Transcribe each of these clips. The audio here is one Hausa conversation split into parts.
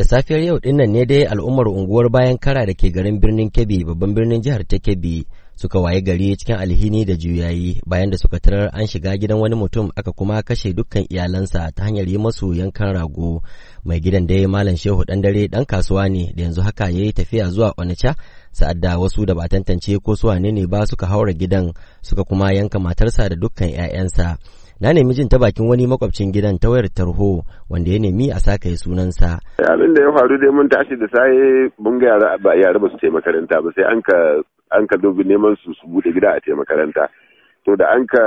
Da safiyar yau dinnan ne dai al'ummar unguwar bayan kara da ke garin birnin Kebbi babban birnin jihar ta Kebbi suka waye gari cikin alhini da juyayi bayan da suka tarar an shiga gidan wani mutum aka kuma kashe dukkan iyalansa ta hanyar yi masu yankan rago mai gidan dai malam shehu dan dare dan kasuwa ne da yanzu haka ya yi tafiya zuwa onitsha sa'ad da wasu da ba tantance ko su ne ba suka haura gidan suka kuma yanka matarsa da dukkan 'ya'yansa na nemi jin ta bakin wani makwabcin gidan ta wayar tarho wanda ya nemi a saka ya sunansa abin da ya faru dai mun tashi da saye mun ga yara ba yara ba su taimakaranta makaranta ba sai an ka dubi neman su su bude gida a ce makaranta to da an ka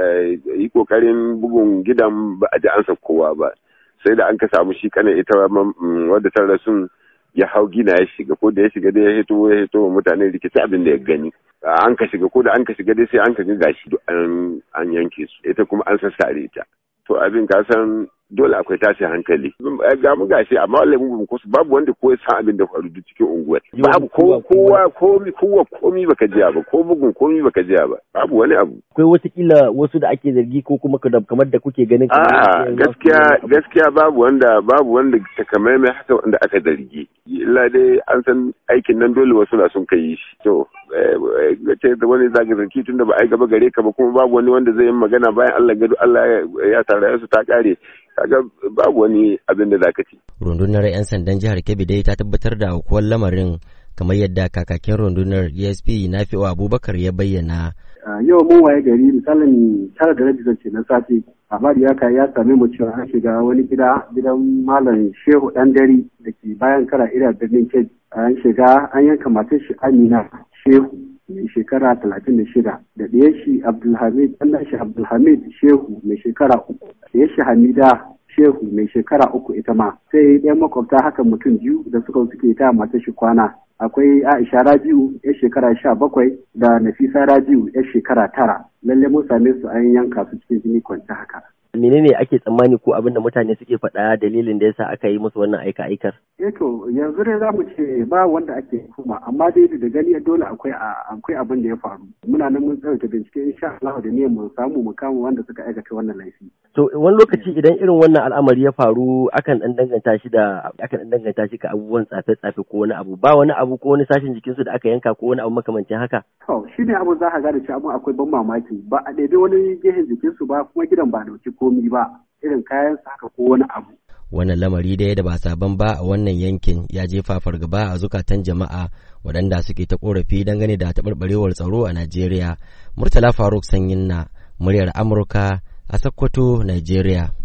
eh, yi kokarin bugun gidan ba a ji ansa kowa ba sai da an ka samu shi kanin ita mm, wadda ta rasun ya hau gina ya shiga ko da ya shiga dai ya hito ya hito wa mutane rikici abin da ya gani an ka shiga ko da an ka shiga dai sai an ka ga gashi an yanke su ita kuma an sassare ta to abin ka san dole akwai tashi hankali ga mu gashi a wallahi mu ko babu wanda ko ya san abin da faru duk cikin unguwar babu ko kowa komi kowa komi baka jiya ba ko bugun komi baka jiya ba babu wani abu akwai wasu kila wasu da ake zargi ko kuma kamar da kuke ganin a gaskiya gaskiya babu wanda babu wanda takamaimai haka wanda aka zargi illa dai an san aikin nan dole wasu na sun kai shi to ce eh, da eh, wani zaga zargi tunda ba ai gaba gare ka ba kuma babu wani wanda zai yi magana bayan Allah gado Allah ya tara su ta kare kaga babu wani abin da zaka ci rundunar yan sandan jihar Kebbi dai ta tabbatar da aukuwar lamarin kamar yadda kakakin rundunar ESP fi Abubakar ya bayyana yau mun waye gari misalin tara da rabi zance na safe labari ya kai ya sami mu cewa an shiga wani gida gidan malam shehu dan dare da ke bayan kara ira birnin kebbi an shiga an yanka matar shi amina shehu shekara talatin da shida da ɗaya shi abdulhamid Allah shi abdulhamid shehu mai shekara uku da ɗaya shi hamida shehu mai shekara uku ita ma sai ɗayan makwabta haka mutum biyu da suka suke ta mata shi kwana akwai aisha rabiu ya shekara sha bakwai da nafisa rabiu ya shekara tara lallai mun same su an yanka su cikin jini kwanta haka ne ake tsammani ko abin da mutane suke faɗa dalilin da yasa aka yi musu wannan aika aikar eh to yanzu ne za mu ce ba wanda ake kuma amma dai da gani dole akwai akwai abin da ya faru muna nan mun tsaya bincike insha Allah da ne mu samu mu kama wanda suka aikata wannan laifi to wani lokaci idan irin wannan al'amari ya faru akan dan danganta shi da akan dan danganta shi ka abubuwan tsafe tsafe ko wani abu ba wani abu ko wani sashin jikinsu da aka yanka ko wani abu makamancin haka to shine abu za ka ga da cewa akwai ban mamaki ba a daidai wani gehen jikinsu ba kuma gidan ba dauki ko komi ba irin haka ko wani abu wannan lamari dai da ba sabon ba a wannan yankin ya jefa gaba a zukatan jama'a waɗanda suke ta korafi dangane da taɓarɓarewar tsaro a najeriya murtala faruk sanyin na muryar amurka a sokoto najeriya